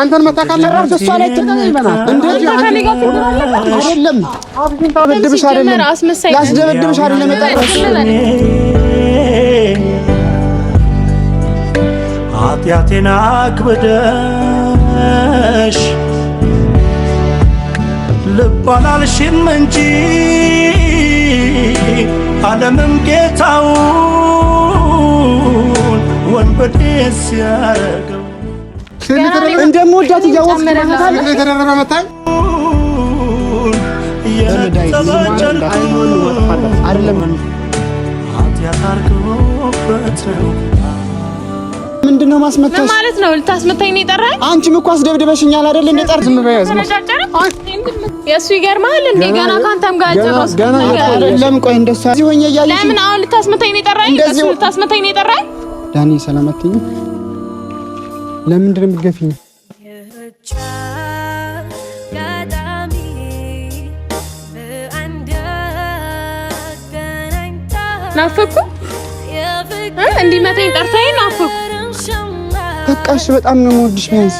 አንተን መታካለ ራስ እሷ ላይ አይደለም አይደለም ኃጢአቴን አክብደሽ እንጂ ዓለምም ጌታውን ወንበዴ ሲያረገው እንደምወዳት እያወቅሽ የተደረበ መታኝ ምንድን ነው ማስመታሽ? ማለት ነው? ልታስመታኝ ነው የጠራኸኝ? አንቺም እኮ አስደብድበሽኛል አይደል? እንደ ጠር ዝም በይ። የእሱ ይገርማል እንዴ? ገና ከአንተም ጋር አይደለም። ቆይ እንደሱ እዚህ ሆኜ እያየሽ ለምን አሁን ልታስመታኝ ነው የጠራኸኝ? እሱ ልታስመታኝ ነው የጠራኸኝ? ዳኒ ሰላም አትይኝም? ለምንድን ነው የምትገፊኝ? ናፈኩ እንዲመጣኝ ጠርታኝ ናፈኩ። በቃ እሺ፣ በጣም ነው የምወድሽ ቢያንስ።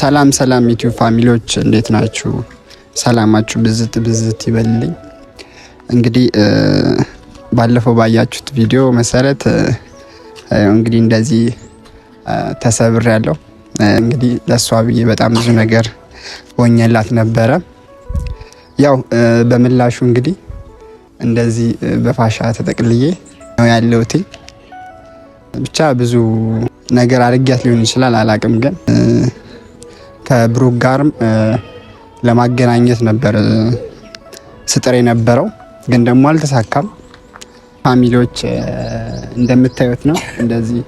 ሰላም ሰላም፣ ዩቲዩብ ፋሚሊዎች እንዴት ናችሁ? ሰላማችሁ ብዝት ብዝት ይበልልኝ። እንግዲህ ባለፈው ባያችሁት ቪዲዮ መሰረት እንግዲህ እንደዚህ ተሰብር ያለው እንግዲህ ለእሷ ብዬ በጣም ብዙ ነገር ሆኜላት ነበረ። ያው በምላሹ እንግዲህ እንደዚህ በፋሻ ተጠቅልዬ ነው ያለውት ብቻ ብዙ ነገር አድርጊያት ሊሆን ይችላል አላቅም፣ ግን ከብሩክ ጋርም ለማገናኘት ነበር ስጥር የነበረው ግን ደግሞ አልተሳካም። ፋሚሊዎች እንደምታዩት ነው። እንደዚህ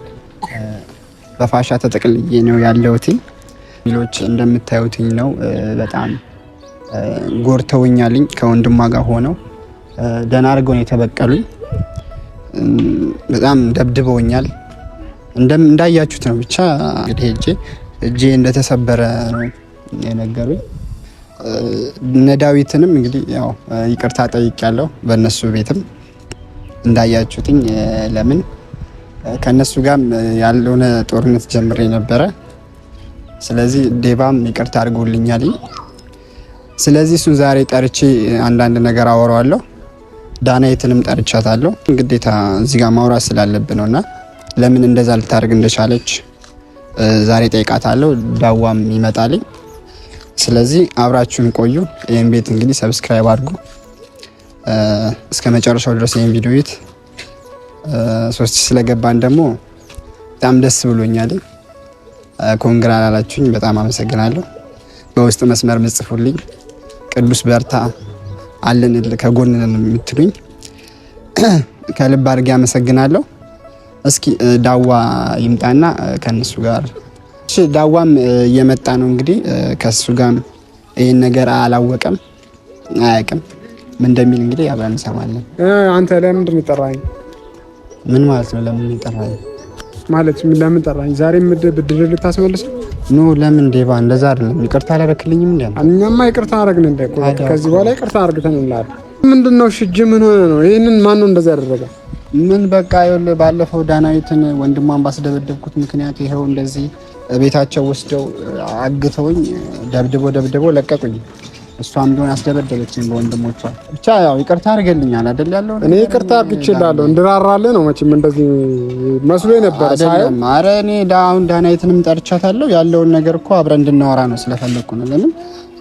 በፋሻ ተጠቅልዬ ነው ያለሁት። ሚሎች እንደምታዩትኝ ነው። በጣም ጎርተውኛልኝ። ከወንድሟ ጋር ሆነው ደህና አድርገው ነው የተበቀሉኝ። በጣም ደብድበውኛል። እንዳያችሁት ነው። ብቻ እንግዲህ እጄ እጄ እንደተሰበረ ነው የነገሩኝ። እነ ዳዊትንም እንግዲህ ያው ይቅርታ ያለው በእነሱ ቤትም እንዳያችሁትኝ ለምን ከእነሱ ጋር ያልሆነ ጦርነት ጀምሬ ነበረ። ስለዚህ ዴባም ይቅርታ አድርጎልኛል። ስለዚህ እሱን ዛሬ ጠርቼ አንዳንድ ነገር አወራዋለሁ። ዳናይትንም ጠርቻታለሁ። ግዴታ እዚህ ጋር ማውራት ስላለብን እና ለምን እንደዛ ልታደርግ እንደቻለች ዛሬ ጠይቃታለሁ። ዳዋም ይመጣልኝ። ስለዚህ አብራችሁን ቆዩ። ይህን ቤት እንግዲህ ሰብስክራይብ አድርጉ። እስከ መጨረሻው ድረስ ይህን ቪዲዮ ይት ሶስት ስለገባን ደግሞ በጣም ደስ ብሎኛል። ኮንግራ ላላችሁኝ በጣም አመሰግናለሁ። በውስጥ መስመር ምጽፉልኝ ቅዱስ በርታ አለን ከጎንነን የምትሉኝ ከልብ አድርጌ አመሰግናለሁ። እስኪ ዳዋ ይምጣና ከእነሱ ጋር ዳዋም እየመጣ ነው እንግዲህ ከሱ ጋር ይህን ነገር አላወቀም አያውቅም። ምን እንደሚል እንግዲህ አብረን እንሰማለን። አንተ ለምንድን የጠራኸኝ? ምን ማለት ነው? ለምን የጠራኸኝ ማለት ለምን ጠራኝ? ዛሬ ብድር ልታስመልስ ኖ? ለምን ዴባ፣ እንደዛ አይደለም። ይቅርታ አላደረክልኝም እንዴ? እኛማ ይቅርታ አረግን እንዴ? ከዚህ በኋላ ይቅርታ አርግተን እንላለን። ምንድን ነው ሽጅ? ምን ሆነ ነው? ይህንን ማን ነው እንደዛ ያደረገ? ምን በቃ ይሁን። ባለፈው ዳናዊትን ወንድሟን ባስደበደብኩት ምክንያት ይኸው እንደዚህ ቤታቸው ወስደው አግተውኝ ደብድቦ ደብድቦ ለቀቁኝ። እሷም ቢሆን አስደበደበችን በወንድሞቿ። ብቻ ያው ይቅርታ አድርገልኛል አይደል ያለው። እኔ ይቅርታ አድርግችላለሁ እንድራራልህ ነው። መቼም እንደዚህ መስሎ ነበር አይደለም። ኧረ እኔ ዳውን ዳናይትንም ጠርቻታለሁ። ያለውን ነገር እኮ አብረን እንድናወራ ነው ስለፈለግኩ ነው። ለምን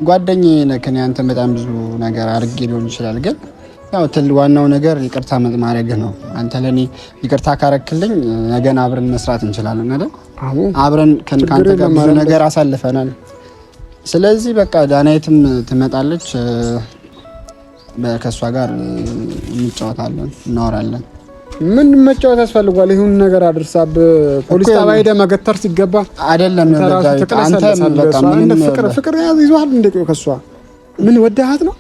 ጓደኛዬ ነህ፣ አንተን በጣም ብዙ ነገር አድርጌ ሊሆን ይችላል፣ ግን ያው ትል ዋናው ነገር ይቅርታ ማድረግ ነው። አንተ ለእኔ ይቅርታ ካረክልኝ ነገን አብረን መስራት እንችላለን አይደል? አብረን ከአንተ ጋር ብዙ ነገር አሳልፈናል። ስለዚህ በቃ ዳናይትም ትመጣለች። ከእሷ ጋር እንጫወታለን፣ እናወራለን። ምን መጫወት ያስፈልጓል? ይሁን ነገር አድርሳብ ፖሊስ ጣቢያ ሄደህ መገተር ሲገባ አይደለም። ፍቅር ይዞሃል እንደ ከእሷ ምን ወዳሃት ነው?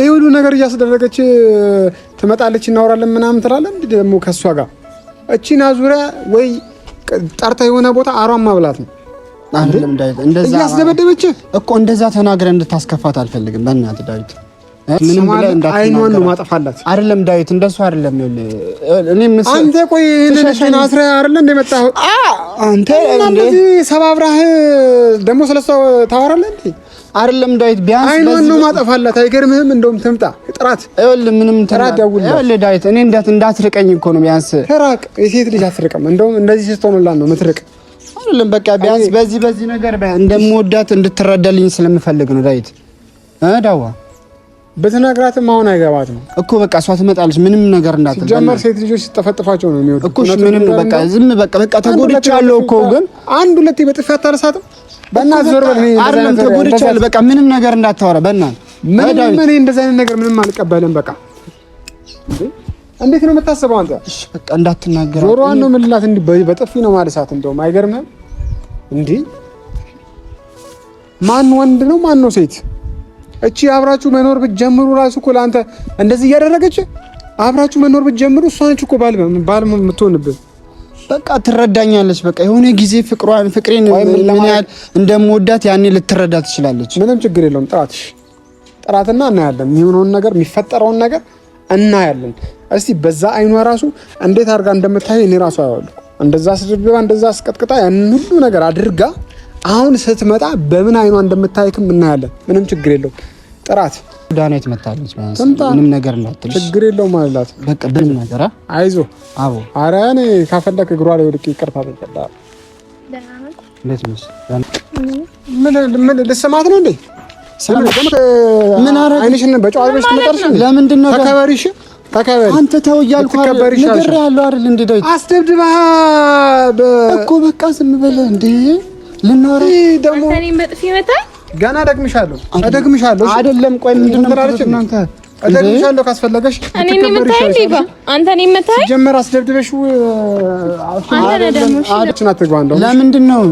ይህ ሁሉ ነገር እያስደረገች ትመጣለች፣ እናወራለን ምናምን ትላለ። እንዲ ደግሞ ከእሷ ጋር እቺና ዙሪያ ወይ ጠርታ የሆነ ቦታ አሯም ማብላት ነው እያስደበደበች እኮ እንደዛ ተናግረ እንድታስከፋት አልፈልግም። በእናት ዳዊት አይኗን ማጠፋላት። አይደለም ዳዊት እንደሱ አይደለም። አንተ ቆይ አይደለ አንተ እንደዚህ ሰባብራህ ደግሞ ስለሷ እንዴ? አይደለም ዳዊት ቢያንስ አይኗን ነው ማጠፋላት። አይገርምህም? እንደውም ትምጣ ጥራት ይኸውልህ፣ ምንም ጥራት ይኸውልህ ዳዊት እኔ እንዳትርቀኝ እኮ ነው ቢያንስ የሴት ልጅ አትርቅም። እንደውም እንደዚህ ስትሆንላት ነው የምትርቅ አይደለም በቃ ቢያንስ በዚህ በዚህ ነገር እንደምወዳት እንድትረዳልኝ ስለምፈልግ ነው። ዳዊት እ ዳዋ ብትነግራትም አሁን አይገባትም እኮ በቃ እሷ ትመጣለች። ምንም ነገር እንዳትል ጀመር። ሴት ልጆች ሲጠፈጥፋቸው ነው የሚወዱት እኮ ምንም በቃ ዝም በቃ በቃ ተጎድቻለሁ እኮ ግን አንድ ሁለት በጥፊ አታነሳትም። በእናትህ ዞር በል። አይደለም ተጎድቻለሁ በቃ ምንም ነገር እንዳታወራ በእናትህ ምንም። እኔ እንደዚህ አይነት ነገር ምንም አልቀበልም በቃ እንዴት ነው የምታስበው አንተ? እሺ በቃ እንዳትናገር። ጆሮዋን ነው የምልላት። እንዲህ በጥፊ ነው ማለሳት። እንደውም አይገርምህም? እንዴ? ማን ወንድ ነው ማን ነው ሴት? እቺ አብራችሁ መኖር ብትጀምሩ ራሱ እኮ ለአንተ እንደዚህ እያደረገች አብራችሁ መኖር ብትጀምሩ እሷ ነች እኮ ባል ባል የምትሆንብህ። በቃ ትረዳኛለች። በቃ የሆነ ጊዜ ፍቅሯን ፍቅሬን ምን ያህል እንደምወዳት ያኔ ልትረዳ ትችላለች። ምንም ችግር የለውም። ጥራት ጥራትና እናያለን የሚሆነውን ነገር የሚፈጠረውን ነገር እናያለን። እስቲ በዛ አይኗ ራሱ እንዴት አድርጋ እንደምታየ እኔ ራሱ አያዋሉ እንደዛ ስድብባ እንደዛ አስቀጥቅጣ ያንን ሁሉ ነገር አድርጋ አሁን ስትመጣ በምን አይኗ እንደምታይክም እናያለን። ምንም ችግር የለው። ጥራት ዳናይት መታለች ምንም ነገር እንዳትልሽ ችግር የለው ማለት በቃ ብን ነገር አይዞ አቦ አረ እኔ ካፈለክ እግሯ ላይ ወድቄ ይቅርታ ጠይቀላ ምን ልስማት ነው እንዴ? ምን አደረግሽ? አይንሽን በጨው አድርገሽ አንተ ተው እያልኩ ነገር ያለው አይደል እንዴ? ዳዊት አስደብድባ እኮ በቃ ዝም በለ እንዴ። ልናወራ ገና ደግምሻለሁ፣ ደግምሻለሁ። አይደለም ቆይ ምንድን ነው እናንተ እደግምሻለሁ ካስፈለገሽ። እኔ እኔ ለምንድን ነው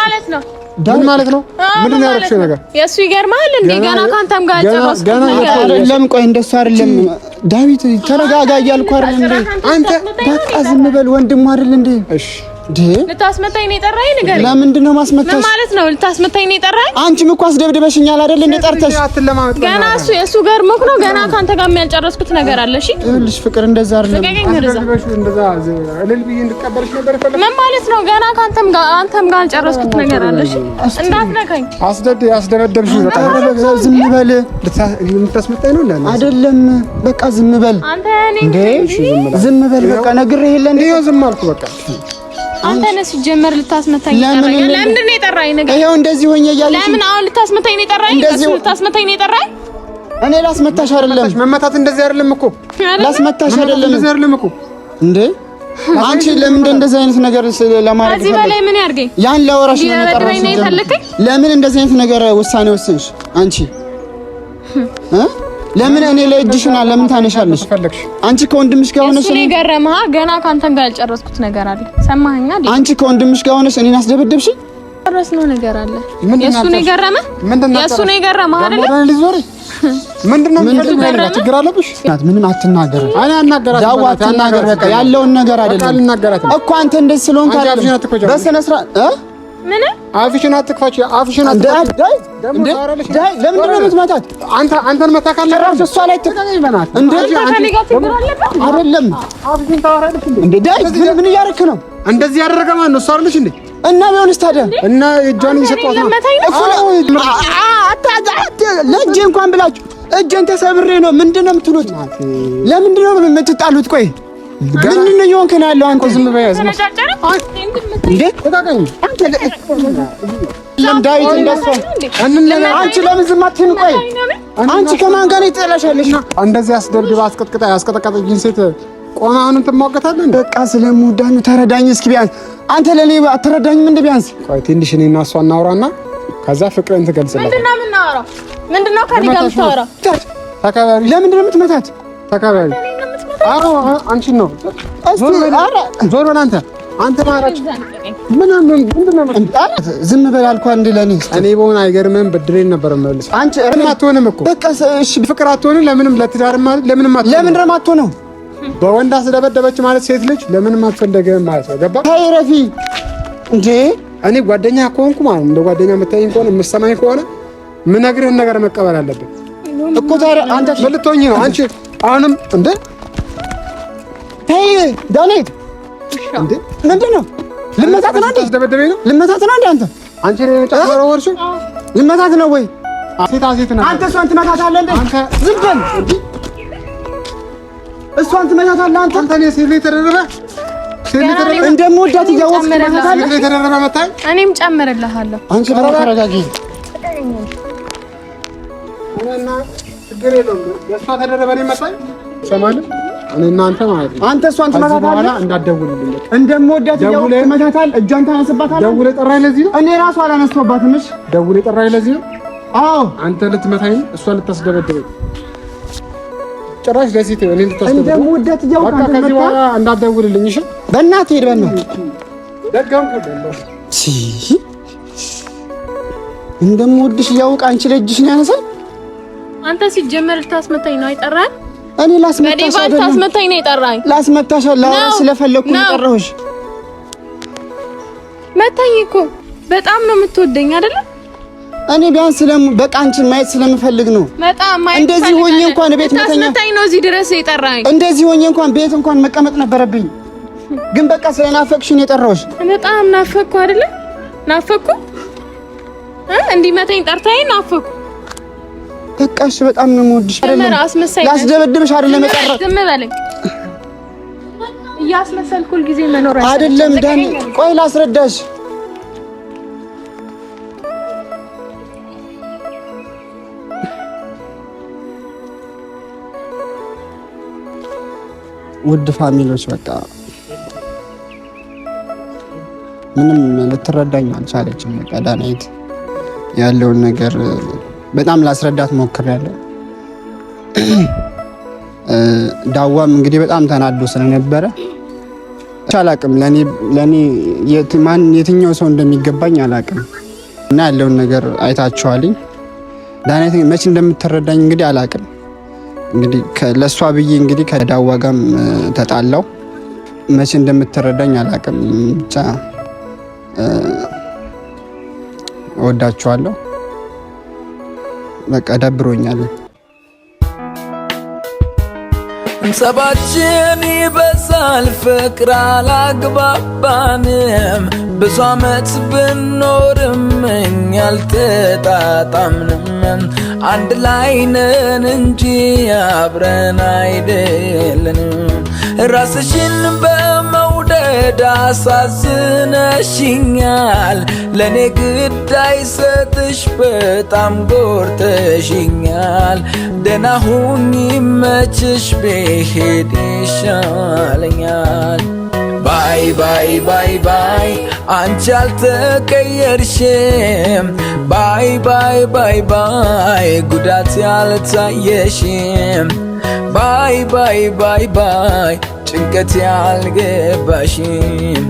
ማለት ነው ዳን ማለት ነው። ምንድን ነው ያደረግሽው ነገር? የእሱ ይገርማል እንዴ! ገና ካንተም ጋር ጨረስኩ። ገና አይደለም፣ ቆይ እንደሱ አይደለም። ዳዊት ተረጋጋ እያልኩ አይደል እንዴ! አንተ በቃ ዝም በል ወንድሙ አይደል እንዴ! እሺ ልታስመታኝ ነው የጠራኸኝ? ንገረኝ። ለምንድን ነው ማስመታሽ? ምን ማለት ነው? ልታስመታኝ ነው የጠራኸኝ? አንቺም እኮ አስደብድበሽኛል አይደል? እንደ ጠርተሽ ገና እሱ የእሱ ገርሞክ ነው። ገና ከአንተ ጋር የሚያልጨረስኩት ነገር አለ። እሺ ይኸውልሽ፣ ፍቅር እንደዛ አይደለም። ምን ማለት ነው? ገና ከአንተም ጋር አንተም ጋር ያልጨረስኩት ነገር አለ። እሺ እንዳትነካኝ። አስደድ አስደበደብሽኝ። ዝም በል። ልታስመታኝ ነው አይደለም? በቃ ዝም በል፣ ዝም በል። በቃ ነግሬህ የለ እንዴ? ዝም አልኩ በቃ አንተ ነህ ሲጀመር ልታስመታኝ ነው ነገር እንደዚህ ለምን አሁን ነው እንደዚህ ነው እኔ ላስመታሽ አይደለም። መመታት እንደዚህ አይደለም እኮ ላስመታሽ አይደለም። እንደዚህ አይደለም እኮ እንዴ አንቺ ለምን እንደዚህ አይነት ነገር ለማድረግ ከዚህ በላይ ምን ያርገኝ? ያን ላወራሽ ነው የጠራኸኝ። ለምን እንደዚህ አይነት ነገር ውሳኔ ወሰንሽ አንቺ እ ለምን እኔ ላይ ለምን ታነሻለሽ? አንቺ ከወንድምሽ ጋር ሆነሽ እኔ ገረመሃ። ገና ካንተም ጋር ያልጨረስኩት ነገር አለ። ሰማኸኛ? አንቺ ከወንድምሽ ጋር ሆነሽ እኔን አስደበደብሽ። ጨረስነው ነገር አለ። የእሱ ነው የገረመህ? የእሱ ነው የገረመህ አይደል? ምንድነው? ችግር አለብሽ? ምንም አትናገር። እኔ አናገራት ዳዋ አትናገር። በቃ ያለውን ነገር አይደለም እኮ አንተ እንደዚህ ስለሆንክ በስነ ስርዓት ምን አፍሽን አትክፋች፣ አፍሽን አትክፋች። ለምንድን ነው የምትመጣት? አንተ አንተን መታካለ ራስ እሷ ላይ ተቀበናት እንዴ? አይደለም አፍሽን ታወራለች እንዴ? ዳይ ምን ምን እያደረክ ነው? እንደዚህ ያደረገ ማን ነው? እሷ አይደለች እንዴ? እና ቢሆንስ ታዲያ እና እጇን እየሰጠኋት ነው። ለእጄ እንኳን ብላችሁ እጄን ተሰብሬ ነው። ምንድን ነው የምትሉት? ለምንድን ነው የምትጣሉት? ቆይ ምንድን ነው የሆንክን ያለው አንተ? ዝም በይ ያዝ ዳዊት። አንቺ ለምን ዝም አትይም? ቆይ አንቺ ከማን ጋር ይጠላሻለሽ? እንደዚህ አስደብድባ አስቀጥቅጣ ያስቀጠቀጠችኝ ሴት ቆማ አሁንም ትሟገታለህ? በቃ ስለምወዳኑ ተረዳኝ እስኪ ቢያንስ። አንተ ለእኔ አትረዳኝም እንደ ቢያንስ። ቆይ ትንሽ እኔ እና እሷ እናውራና ከዛ ፍቅርን ትገልጽላት። ምንድን ነው ከእኔ ጋር የምታወራው? ተከባሪ። ለምንድን ነው የምትመታት? ተከባሪ አንቺን ነው። ዞር በል አንተ አንተ ማራች ምናምን ዝም በል አልኳት። እንደ ለእኔ እኔ በሆነ አይገርምም ብድሬን ነበር መልስ። አንቺ አትሆንም እኮ በቃ እሺ፣ ፍቅር አትሆንም። ለምንም ለትዳር ማለት ለምን ለምንድን አትሆንም። በወንድ ስለበደበች ማለት ሴት ልጅ ለምንም አትፈለገም ማለት ነው። ገባ ረፊ እንዴ እኔ ጓደኛ ከሆንኩ ማለት እንደ ጓደኛ የምታየኝ ከሆነ የምትሰማኝ ከሆነ የምነግርህን ነገር መቀበል አለብን እኮ ዛሬ አንተ ልትሆኝ ነው አንቺ አሁንም እንዴ ተይ ዳንኤል፣ እንዴ ምንድን ነው? ልመታት ነው እንዴ? ልመታት ነው እንዴ? አንተ አንቺ ነው ጫፈረ ወርሽ ልመታት ነው ወይ? ሴታ ሴት ነው። አንተ እሷን ትመታታለህ እንዴ? አንተ ዝም በል። እሷን ትመታታለህ አንተ። አንተ ነው ሴት ተደረበ እንደምወዳት እያወቅህ ትመታታለህ። መታኝ። እኔም ጨምርልሃለሁ። አንቺ ተረጋጊ። ችግር የለውም። የእሷ ተደረበ እኔም መታኝ። ሰማለህ እኔ እናንተ ማለት ነው። አንተ እሷን ትመታታለህ። እንዳትደውልልኝ እንደምወዳት ትመታታለህ። እጇን ታነስባታለህ። ደውለህ ጠራኸኝ ለዚህ ነው። እኔ ራሱ አላነሳሁባትም። እሺ ደውለህ ጠራኸኝ ለዚህ ነው። አዎ አንተ ልትመታኝ፣ እሷ ልታስደበድበኝ ጭራሽ ነው። እኔ ልታስደበድበኝ። እንደምወዳት እያወቅህ በቃ ከዚህ በኋላ እንዳትደውልልኝ። እሺ በእናትህ ሂድ። በእናትህ ደጋም እንደምወድሽ እያወቅህ አንቺ ለእጅሽ ነው ያነሳል። አንተ ሲጀመር ልታስመታኝ ነው አይጠራል እኔ ላስመታሽ አይደለም፣ ታስመታኝ ነው የጠራኝ። ላስመታሽ ስለፈለኩ ነው የጠራሁሽ። መታኝ እኮ በጣም ነው የምትወደኝ አይደለም? እኔ ቢያንስ ስለም በቃ አንቺን ማየት ስለምፈልግ ነው። እንደዚህ ሆኜ እንኳን ቤት መተኛ ነው እዚህ ድረስ የጠራኝ። እንደዚህ ሆኜ እንኳን ቤት እንኳን መቀመጥ ነበረብኝ፣ ግን በቃ ስለናፈቅሽ ነው የጠራሁሽ። በጣም ናፈቅኩ አይደለ? ናፈቅኩ እንዲህ መተኝ ጠርታኝ ናፈቅኩ በቃ እሺ፣ በጣም ነው የምወድሽ። አይደለም ላስደበድብሽ፣ አይደለም የቀረው ዝም በለኝ። እያስመሰልኩ መኖር አይደለም ቆይ ላስረዳሽ። ውድ ፋሚሊዎች በቃ ምንም ልትረዳኝ አልቻለችም። በቃ ዳናይት ያለውን ነገር በጣም ላስረዳት ሞክሬያለሁ። ዳዋም እንግዲህ በጣም ተናዶ ስለነበረ አላቅም ለእኔ ማን የትኛው ሰው እንደሚገባኝ አላቅም። እና ያለውን ነገር አይታችኋልኝ። ዳነት መቼ እንደምትረዳኝ እንግዲህ አላቅም። እንግዲህ ለእሷ ብዬ እንግዲህ ከዳዋ ጋም ተጣላው። መቼ እንደምትረዳኝ አላቅም። ብቻ ወዳችኋለሁ። በቃ ደብሮኛል። ሰባችን ይበዛል ፍቅር አላግባባንም ብዙ አመት ብኖርም እኛ አልተጣጣምንም። አንድ ላይ ነን እንጂ አብረን አይደለንም ራስሽን አሳዝነሽኛል ለእኔ ግዳይ አይሰጥሽ በጣም ጎርተሽኛል። ደህና ሁኚ መችሽ ብሄድ ይሻለኛል። ባይ ባይ ባይ ባይ አንቺ አልተቀየርሽም። ባይ ባይ ባይ ባይ ጉዳት ያልታየሽም ባይ ባይ ባይ ባይ ጭንቀት ያልገባሽም